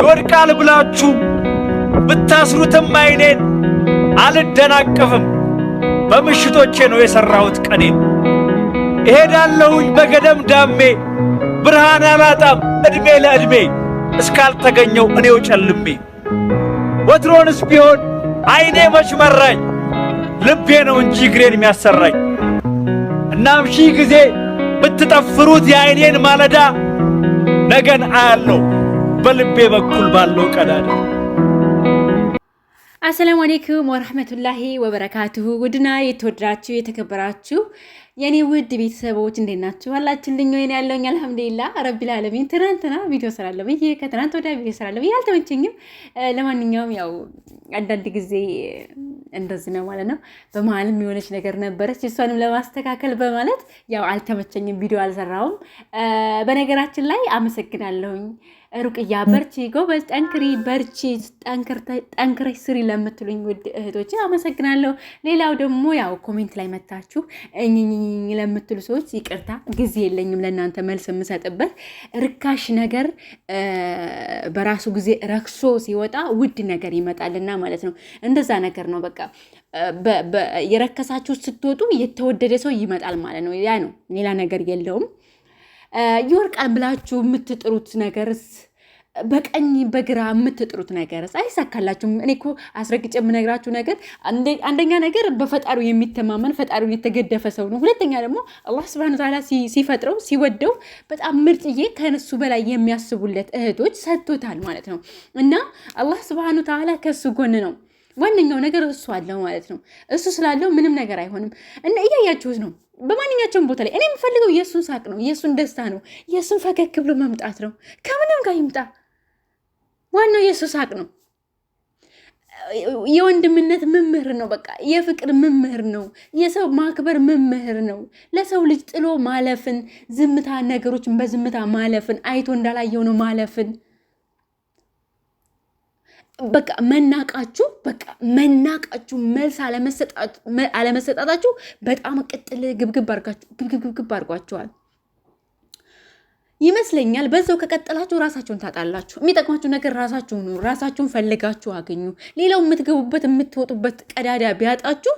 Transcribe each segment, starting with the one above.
ይወድቃል ብላችሁ ብታስሩትም አይኔን አልደናቀፍም። በምሽቶቼ ነው የሠራሁት ቀኔን። እሄዳለሁኝ በገደም ዳሜ ብርሃን አላጣም ዕድሜ ለዕድሜ እስካልተገኘው እኔው ጨልሜ ወትሮንስ ቢሆን አይኔ መች መራኝ ልቤ ነው እንጂ እግሬን የሚያሰራኝ። እናም ሺህ ጊዜ ብትጠፍሩት የአይኔን ማለዳ ነገን አያለው። በልቤ በኩል ባለው ቀዳዳ አሰላሙ አሌይኩም ወረህመቱላሂ ወበረካቱሁ። ውድና የተወደዳችሁ የተከበራችሁ የእኔ ውድ ቤተሰቦች እንዴት ናችሁ? አላችሁልኝ ወይን ያለውኝ አልሐምዱሊላ ረቢል ዓለሚን። ትናንትና ቪዲዮ ስራለሁ ብዬ ከትናንት ወዲያ ቪዲዮ ስራለ ብዬ አልተመቸኝም። ለማንኛውም ያው አንዳንድ ጊዜ እንደዚህ ነው ማለት ነው። በመሀልም የሆነች ነገር ነበረች፣ እሷንም ለማስተካከል በማለት ያው አልተመቸኝም፣ ቪዲዮ አልሰራውም። በነገራችን ላይ አመሰግናለሁኝ ሩቅያ በርቺ፣ ጎበዝ፣ ጠንክሪ፣ በርቺ፣ ጠንክረሽ ስሪ ለምትሉኝ ውድ እህቶች አመሰግናለሁ። ሌላው ደግሞ ያው ኮሜንት ላይ መታችሁ እኝኝኝ ለምትሉ ሰዎች ይቅርታ፣ ጊዜ የለኝም ለእናንተ መልስ የምሰጥበት። ርካሽ ነገር በራሱ ጊዜ ረክሶ ሲወጣ ውድ ነገር ይመጣልና ማለት ነው። እንደዛ ነገር ነው። በቃ የረከሳችሁ ስትወጡ የተወደደ ሰው ይመጣል ማለት ነው። ያ ነው፣ ሌላ ነገር የለውም። ይወርቃል ብላችሁ የምትጥሩት ነገርስ በቀኝ በግራ የምትጥሩት ነገር አይሳካላችሁም። እኔ እኮ አስረግጬ የምነግራችሁ ነገር አንደኛ ነገር በፈጣሪ የሚተማመን ፈጣሪ የተገደፈ ሰው ነው። ሁለተኛ ደግሞ አላህ ስብሐነሁ ተዓላ ሲፈጥረው ሲወደው በጣም ምርጥዬ ከነሱ በላይ የሚያስቡለት እህቶች ሰጥቶታል ማለት ነው እና አላህ ስብሐነሁ ተዓላ ከሱ ጎን ነው። ዋነኛው ነገር እሱ አለው ማለት ነው። እሱ ስላለው ምንም ነገር አይሆንም እና እያያችሁት ነው። በማንኛቸውም ቦታ ላይ እኔ የምፈልገው የእሱን ሳቅ ነው፣ የእሱን ደስታ ነው፣ የእሱን ፈገግ ብሎ መምጣት ነው። ከምንም ጋር ይምጣ፣ ዋናው የእሱ ሳቅ ነው። የወንድምነት መምህር ነው። በቃ የፍቅር መምህር ነው። የሰው ማክበር መምህር ነው። ለሰው ልጅ ጥሎ ማለፍን፣ ዝምታ ነገሮችን በዝምታ ማለፍን፣ አይቶ እንዳላየው ነው ማለፍን በቃ መናቃችሁ በቃ መናቃችሁ መልስ አለመሰጣታችሁ በጣም ቅጥል ግብግብ ግብግብ አድርጓቸዋል ይመስለኛል። በዛው ከቀጠላችሁ ራሳችሁን ታጣላችሁ። የሚጠቅማችሁ ነገር ራሳችሁ ኑ፣ ራሳችሁን ፈልጋችሁ አገኙ። ሌላው የምትገቡበት የምትወጡበት ቀዳዳ ቢያጣችሁ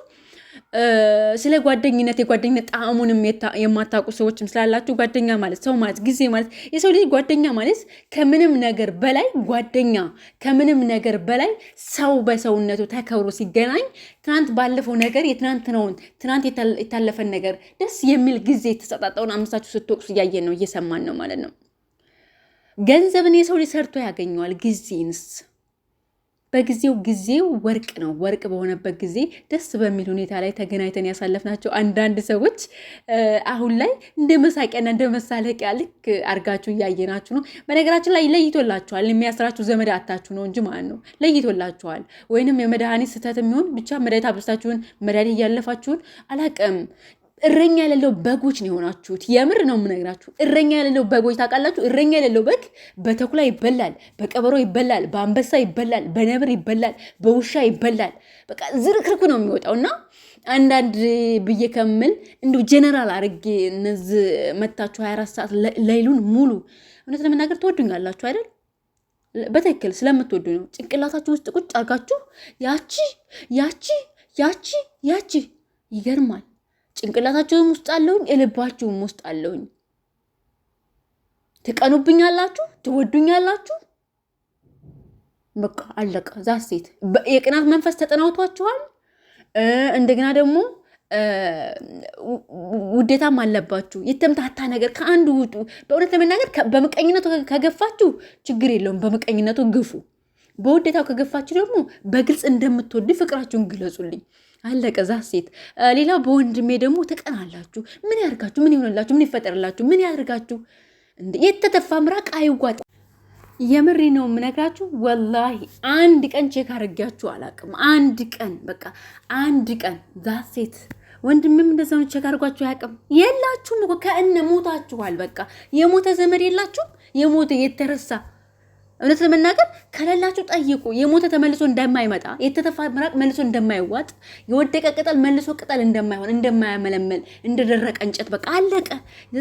ስለ ጓደኝነት የጓደኝነት ጣዕሙንም የማታውቁ ሰዎችም ስላላችሁ ጓደኛ ማለት ሰው ማለት ጊዜ ማለት የሰው ልጅ ጓደኛ ማለት ከምንም ነገር በላይ ጓደኛ ከምንም ነገር በላይ ሰው በሰውነቱ ተከብሮ ሲገናኝ ትናንት ባለፈው ነገር ነውን ትናንት የታለፈን ነገር ደስ የሚል ጊዜ የተሰጣጠውን አምሳችሁ ስትወቅሱ እያየን ነው እየሰማን ነው ማለት ነው። ገንዘብን የሰው ሰርቶ ያገኘዋል። ጊዜንስ በጊዜው ጊዜው ወርቅ ነው። ወርቅ በሆነበት ጊዜ ደስ በሚል ሁኔታ ላይ ተገናኝተን ያሳለፍናቸው አንዳንድ ሰዎች አሁን ላይ እንደ መሳቂያና እንደ መሳለቂያ ልክ አድርጋችሁ እያየናችሁ ነው። በነገራችን ላይ ለይቶላችኋል። የሚያስራችሁ ዘመድ አታችሁ ነው እንጂ ማለት ነው። ለይቶላችኋል። ወይንም የመድኃኒት ስህተት የሚሆን ብቻ መድኃኒት አብስታችሁን መድኃኒት እያለፋችሁን አላቅም እረኛ የሌለው በጎች ነው የሆናችሁት። የምር ነው የምነግራችሁ። እረኛ የሌለው በጎች ታውቃላችሁ። እረኛ የሌለው በግ በተኩላ ይበላል፣ በቀበሮ ይበላል፣ በአንበሳ ይበላል፣ በነብር ይበላል፣ በውሻ ይበላል። በቃ ዝርክርኩ ነው የሚወጣው እና አንዳንድ ብዬ ከምል እንዲሁ ጀነራል አድርጌ እነዚህ መታችሁ 24 ሰዓት ላይሉን ሙሉ እውነት ለመናገር ትወዱኛላችሁ አይደል? በትክክል ስለምትወዱ ነው። ጭንቅላታችሁ ውስጥ ቁጭ አርጋችሁ ያቺ ያቺ ያቺ ያቺ ይገርማል። ጭንቅላታችሁም ውስጥ አለሁኝ፣ የልባችሁም ውስጥ አለሁኝ። ትቀኑብኛላችሁ፣ ትወዱኛላችሁ። በቃ አለቀ። ዛ ሴት የቅናት መንፈስ ተጠናውቷችኋል። እንደገና ደግሞ ውዴታም አለባችሁ። የተምታታ ነገር ከአንዱ ውጡ። በእውነት ለመናገር በምቀኝነቱ ከገፋችሁ ችግር የለውም። በምቀኝነቱ ግፉ። በውዴታው ከገፋችሁ ደግሞ በግልጽ እንደምትወዱ ፍቅራችሁን ግለጹልኝ። አለቀ። ዛ ሴት ሌላ በወንድሜ ደግሞ ተቀናላችሁ። ምን ያርጋችሁ? ምን ይሆንላችሁ? ምን ይፈጠርላችሁ? ምን ያርጋችሁ? የተተፋ ምራቅ አይዋጥ። የምሪ ነው የምነግራችሁ። ወላሂ አንድ ቀን ቼክ አድርጊያችሁ አላቅም። አንድ ቀን በቃ አንድ ቀን ዛ ሴት ወንድምም እንደዛ ነው። ቼክ አድርጓችሁ አያውቅም። የላችሁም እኮ ከእነ ሞታችኋል። በቃ የሞተ ዘመድ የላችሁም። የሞተ የተረሳ እውነት ለመናገር ከሌላችሁ ጠይቁ። የሞተ ተመልሶ እንደማይመጣ የተተፋ ምራቅ መልሶ እንደማይዋጥ የወደቀ ቅጠል መልሶ ቅጠል እንደማይሆን እንደማያመለመል እንደደረቀ እንጨት በቃ አለቀ።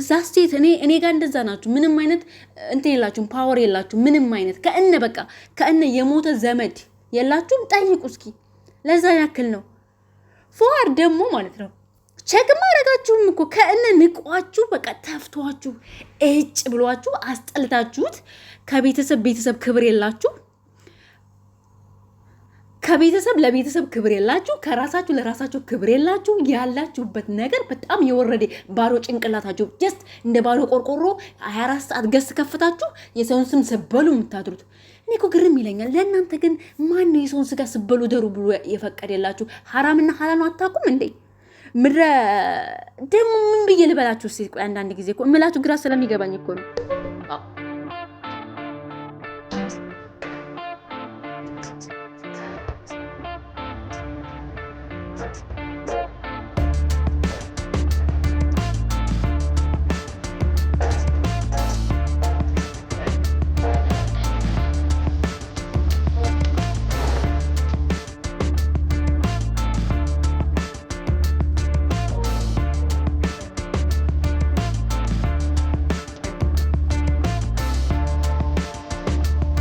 ዛ ስቴት እኔ እኔ ጋር እንደዛ ናችሁ። ምንም አይነት እንትን የላችሁም፣ ፓወር የላችሁ፣ ምንም አይነት ከእነ በቃ ከእነ የሞተ ዘመድ የላችሁም። ጠይቁ እስኪ። ለዛ ያክል ነው። ፎዋር ደግሞ ማለት ነው ቸክ አረጋችሁም እኮ ከእነ ንቋችሁ በቃ ተፍቷችሁ እጭ ብሏችሁ አስጠልታችሁት ከቤተሰብ ቤተሰብ ክብር የላችሁ ከቤተሰብ ለቤተሰብ ክብር የላችሁ፣ ከራሳችሁ ለራሳችሁ ክብር የላችሁ። ያላችሁበት ነገር በጣም የወረደ ባዶ ጭንቅላታችሁ ጀስት እንደ ባዶ ቆርቆሮ 24 ሰዓት ገስ ከፍታችሁ የሰውን ስም ስበሉ የምታድሩት። እኔ እኮ ግርም ይለኛል። ለእናንተ ግን ማን ነው የሰውን ስጋ ስበሉ ደሩ ብሎ የፈቀደላችሁ? ሀራምና ሀላል አታውቁም እንዴ? ምድረ ደግሞ ምን ብዬ ልበላችሁ? ቆይ አንዳንድ ጊዜ እኮ እምላችሁ ግራ ስለሚገባኝ እኮ ነው።